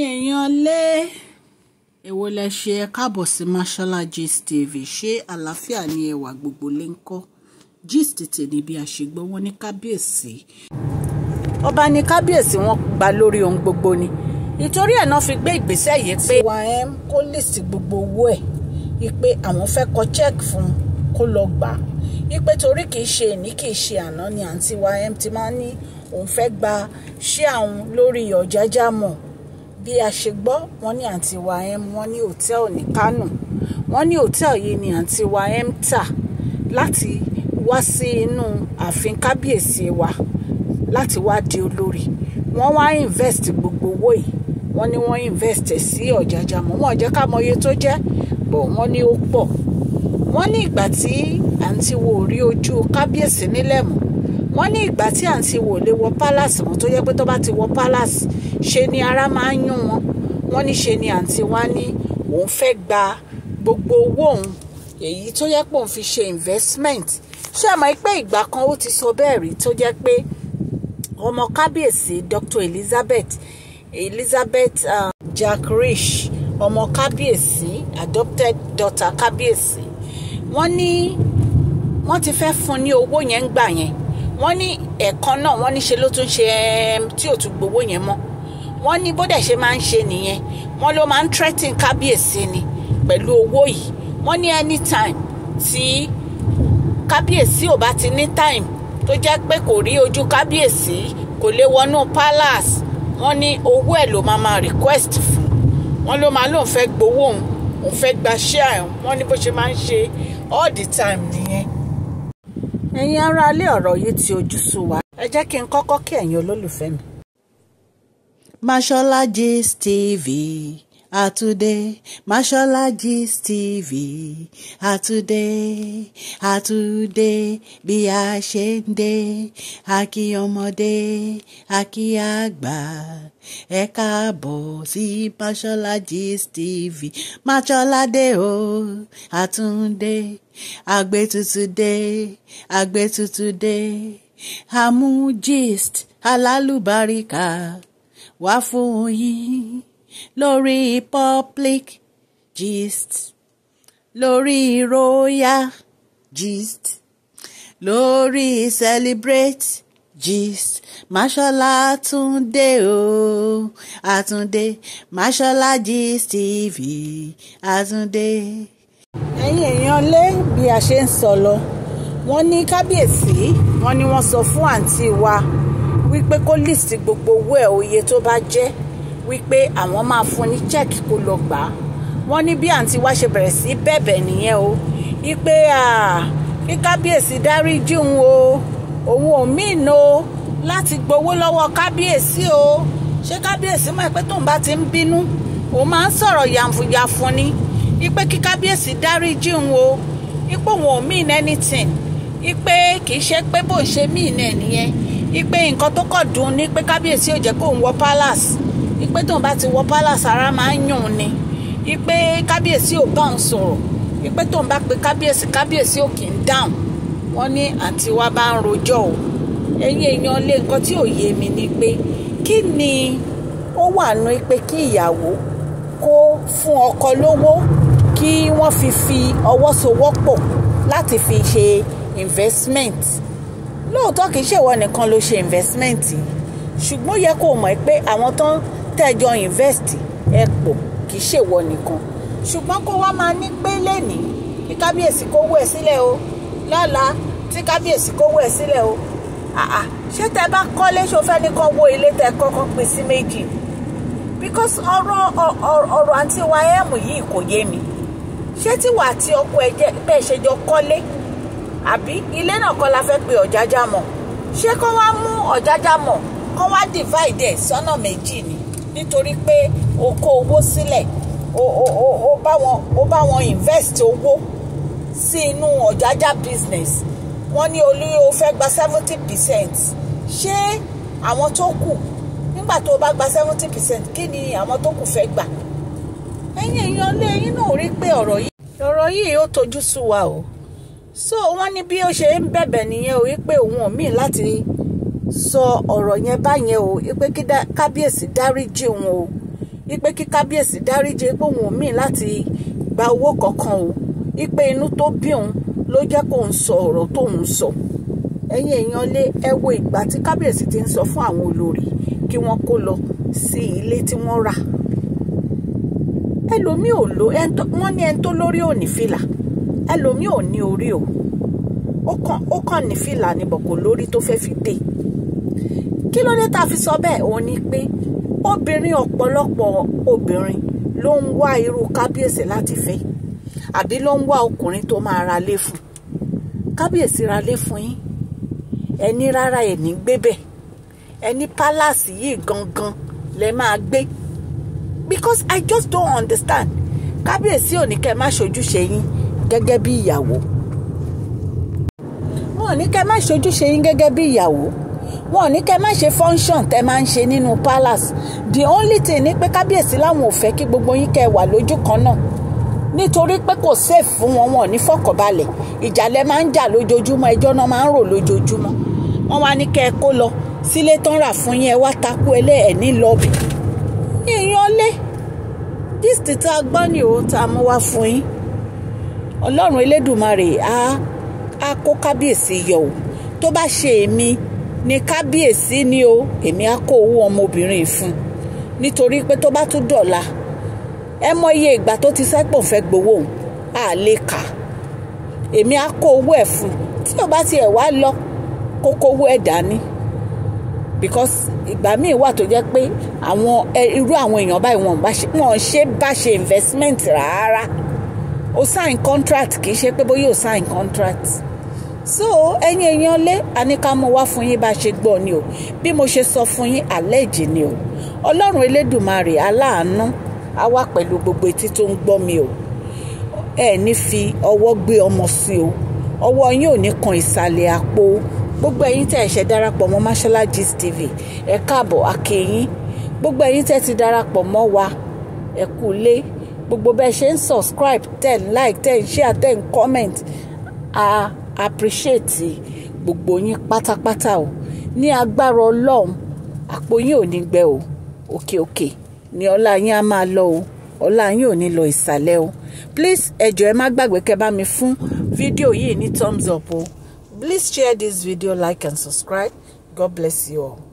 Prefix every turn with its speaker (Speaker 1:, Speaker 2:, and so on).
Speaker 1: èèyàn lé èwo lẹ ṣe ẹ káàbọ̀ sí Mashola Gist TV ṣé àlàáfíà ni ẹwà gbogbo lè ń kọ́ gist tèmi bí a ṣe gbọ́ wọn ní kábíyèsí. ọba ní kábíyèsí wọn gba lórí ohun gbogbo ni ìtorí ẹ̀ náà fi gbé ìgbésẹ̀ yìí pé. tiwa ẹ kó lè gbogbo owó ẹ̀ ipe àwọn fẹ́ kọ check fún kó lọ gbà ipe torí kì í ṣe èní kì í ṣe àná ni àǹtí wa m ti máa ní òun fẹ́ gba ṣé àwọn lórí ọ̀jájá mọ̀ bí a ṣe gbọ́ wọ́n ní àǹtí wa m wọ́n ní hòtẹ́ẹ̀lì ní Kánò wọ́n ní hòtẹ́ẹ̀lì yìí ni àǹtí wa m tà láti wá sí inú ààfin kábíyèsí wa láti wá di olórí wọ́n wá invest gbogbo owó yìí wọ́n ní wọ́n invest sí ọ̀jàjà mọ́ wọn jẹ́ ká mọ iye tó jẹ́ bọ̀ wọ́n ní ó pọ̀ wọ́n ní ìgbà tí àǹtí wo rí ojú kábíyèsí nílẹ̀ mọ́ wọ́n ní ìgbà tí àǹtí wò lè wọ palace wọn tó yẹ pé tó bá ti wọ palace ṣe ni ara máa ń yún wọn wọ́n ní ṣe ni àǹtí wa ní òun fẹ́ gba gbogbo owó òun èyí tó yẹ pé òun fi ṣe investment ṣé àmọ́ pé ìgbà kan ó ti sọ bẹ́ẹ̀ rí tó jẹ́ pé ọmọ kábíyèsí Dr Elizabeth Elizabeth uh, Jack Rich ọmọ kábíyèsí adopted daughter kábíyèsí wọ́n ní wọ́n ti fẹ́ fún ní owó yẹn ń gbà yẹn wọ́n ní ẹ̀ẹ̀kan náà wọ́n ní ṣe ló tún ṣe tí ò tún gbowó yẹn mọ́ wọ́n ní bódẹ̀ ṣe máa ń ṣe nìyẹn wọ́n ló máa ń threaten kábíyèsí ni pẹ̀lú owó yìí wọ́n ní anytime tí kábíyèsí ò bá ti ní time tó jẹ́ pé kò rí ojú kábíyèsí kò lè wọnú palace wọ́n ní owó ẹ̀ ló máa máa request fún wọ́n ló máa lóun fẹ́ gbowó òun òun fẹ́ gba share wọ́n ní bó ṣe máa ń ṣe all the time nìyẹn ẹ̀yin aráalé ọ̀rọ̀ yìí ti ojú sú wa ẹ jẹ́ kí n kọ́kọ́ kí ẹ̀yin olólùfẹ́ mi.
Speaker 2: Mashola Gist Atude, Mashola Gist TV. Atude, bí a ṣe ń dé. A kí ọmọdé, a kí àgbà. Ẹ káàbọ̀ sí Mashola Gist TV. Mashola dé o, Atunde. Àgbẹ̀ tuntun dé, àgbẹ̀ tuntun dé. Àmú gist alálùbáríkà wá fún yín lórí public gist lórí royal gist lórí celebrate gist máṣọ́lá túndé o atunde, máṣọ́lá gist tv atunde. ẹ̀yin èèyàn lé bí a ṣe ń sọ lọ wọ́n ní kábíyèsí wọ́n ní wọ́n sọ fún
Speaker 1: àǹtí wa wípé kó list gbogbo owó ẹ̀ òye tó bá jẹ́ wípé àwọn máa fún ní chẹ́ẹ̀kì kó lọ gbà á wọ́n ní bí àǹtí wa ṣe bẹ̀rẹ̀ sí bẹ̀bẹ̀ nìyẹn o wípé kí kábíyèsí dáríjì òun o òun ò míìn o láti gbowó lọ́wọ́ kábíyèsí o ṣé kábíyèsí mọ̀ pé tóun bá ti ń bínú òun máa ń sọ̀rọ̀ yànfùyàfun ni wípé kí kábíyèsí dáríjì òun o wípé òun ò míìn anything wípé kì í ṣe pé bó ṣe míìn ẹ̀ nìyẹn wípé nǹkan tó kọ̀ dùn ni pé kábíyèsí ò jẹ́ kóun wọ palace ipe tóun bá ti wọ palace ara máa ń yùn ni ipe kábíyèsí ò bá òun sọ̀rọ̀ ipe tóun bá pe kábíyèsí kábíyèsí ò kì í dáhùn wọ́n ní àǹtí wa bá ń rojọ́ o ẹ̀yin èèyàn lé nǹkan tí ò yé mi ni pé kí ni ó wà nù pé kí ìyàwó kó fún ọkọ lówó kí wọ́n fi fi ọwọ́ sowọ́pọ̀ láti fi ṣe investment lóòótọ́ kì í ṣèwọ nìkan ló ṣe investment ṣùgbọ́n yẹ kó mọ̀ pé àwọn tó ń tẹ́jọ invest ẹ pọ̀ kì í ṣèwọ nìkan ṣùgbọ́n kó wá máa ní pé lẹ́nìí kí kábíyèsí kówó ẹ̀ sílẹ̀ o lọ́la tí kábíyèsí kówó ẹ̀ sílẹ̀ o àà ṣé tẹ bá kọ́lé ṣo fẹ́ ní kọ́ wo ilé tẹ kọ́kọ́ pín sí méjì because ọ̀rọ̀ ọ̀rọ̀ àǹtí wa m yìí kò yé mi ṣé tíwà àti ọkọ ẹ jẹ bẹ́ẹ̀ ṣe jọ kọ́lé àbí ilé náà kọ́ la fẹ́ pe ọ̀jájá mọ̀ ṣé kọ́ wá mú ọ̀jájá mọ̀ kọ́ wá divide ẹ̀ sọ́nà méjì ni nítorí pé o kó owó sílẹ̀ o o o o bá wọn o bá wọn invest owó sí inú ọ̀jájá business wọ́n ní olú o fẹ́ gba seventy percent ṣé àwọn tó kù nígbà tó o bá gba seventy percent kí ni àwọn tó kù fẹ́ gbà ẹ̀yin èèyàn lé yín náà rí pé ọ̀rọ̀ yìí ọ̀rọ̀ yìí ó tojú sú wa o so wọ́n ní bí ó ṣe ń bẹ̀bẹ̀ nìyẹn o wípé òun ò míì láti sọ ọ̀rọ̀ yẹn báyẹn o ipe kí kábíyèsí dáríjì wọn o ipe kí kábíyèsí dáríjì pé òun ò mí láti gba owó kankan o ipe inú tó bí òun ló jẹ́ kó ń sọ ọ̀rọ̀ tó ń sọ ẹ̀yin èèyàn lé ẹ wo ìgbà tí kábíyèsí ti ń sọ fún àwọn olórí kí wọ́n kó lọ sí ilé tí wọ́n rà ẹlòmíì ò lo wọ́n ní ẹni tó lórí ò ní fìlà ẹlòmíì ò ní orí o ó kàn ní fìlà níbọ̀ kò lórí tó fẹ́ fi dé kí ló dé tá a fi sọ bẹ́ẹ̀ òun ni pé obìnrin ọ̀pọ̀lọpọ̀ obìnrin ló ń wá irú kábíyèsí láti fẹ́ àbí ló ń wá ọkùnrin tó máa ra lé fún kábíyèsí ra lé fún yín ẹni rárá ẹni gbébẹ̀ ẹni pálásì yìí gangan lẹ máa gbé because I just don't understand kábíyèsí ò ní kẹ́ má ṣojúṣe yín gẹ́gẹ́ bí ìyàwó wọn ò ní kẹ́ má ṣojúṣe yín gẹ́gẹ́ bí ìyàwó wọn ò ní kẹ́ má ṣe function tẹ́ máa ń ṣe nínú palace the only thing ni pé kábíyèsí làwọn ò fẹ́ kí gbogbo yín kẹ́ wà lójú kan náà nítorí pé kò safe fún wọn wọn ò ní fọkànbalẹ̀ ìjàlẹ̀ máa ń jà lójoojúmọ́ ẹjọ́ náà máa ń rò lójoojúmọ́ wọ́n wá ní kẹ́ ẹ kó lọ sílé tán rà fún yín ẹ wá takú ẹ lẹ́ẹ̀ ní lọ́ọ̀bì èèyàn lé gist tá a gbọ́ ní òun tá a mú wá fún yín ọlọ́run elédùmarè á á kó kábíyèsí yọ ò tó bá ṣe èmi ní kábíyèsí ni o èmi á kó owó ọmọbìnrin ìfun nítorí pé tó bá tún dọ̀la ẹ mọ iye ìgbà tó ti sẹ́pọ̀ fẹ́ gbowó òun á lè kà èmi á kó owó ẹ̀ fún tí ò bá tiẹ̀ wá lọ kó kówó ẹ̀ dání because ìgbà míì wà tó jẹ́ pé àwọn irú àwọn èèyàn báyìí wọn wọn ṣe bá ṣe investment rárá o sign contract kì í ṣe pé bóyá o sign contract so ẹ̀yin èèyàn lé àníkàmú wá fún yín bá ṣe gbọ́ ni o bí mo ṣe sọ fún yín àlẹ́ ìjì ni o ọlọ́run elédùnmarè aláàánú á wà pẹ̀lú gbogbo etí tó ń gbọ́ mi o ẹ ní fi ọwọ́ gbé ọmọ sí o ọwọ́ yín ò ní kan ìsàlẹ̀ àpò gbogbo ẹ̀yin tẹ́ ẹ ṣe darapọ̀ mọ́ Mashola Gist TV ẹ káàbọ̀ akẹyìn gbogbo ẹ̀yin tẹ́ ti darapọ̀ mọ́ wa ẹ kú lé gbogbo bẹ́ẹ̀ ṣe ń subscribe ten like ten share ten comment. Uh, appreciate gbogbo yín pátápátá o ní agbára ọlọ́run àpò yín ò ní gbẹ o òkè òkè ni ọlá yín á máa lọ o ọlá yín ò ní lọ ìsàlẹ̀ o please ẹ jọ̀ọ́ ẹ má gbàgbé kẹ́ bá mi fún fídíò yìí ní thumbs up o please share this video like and subscribe god bless you all.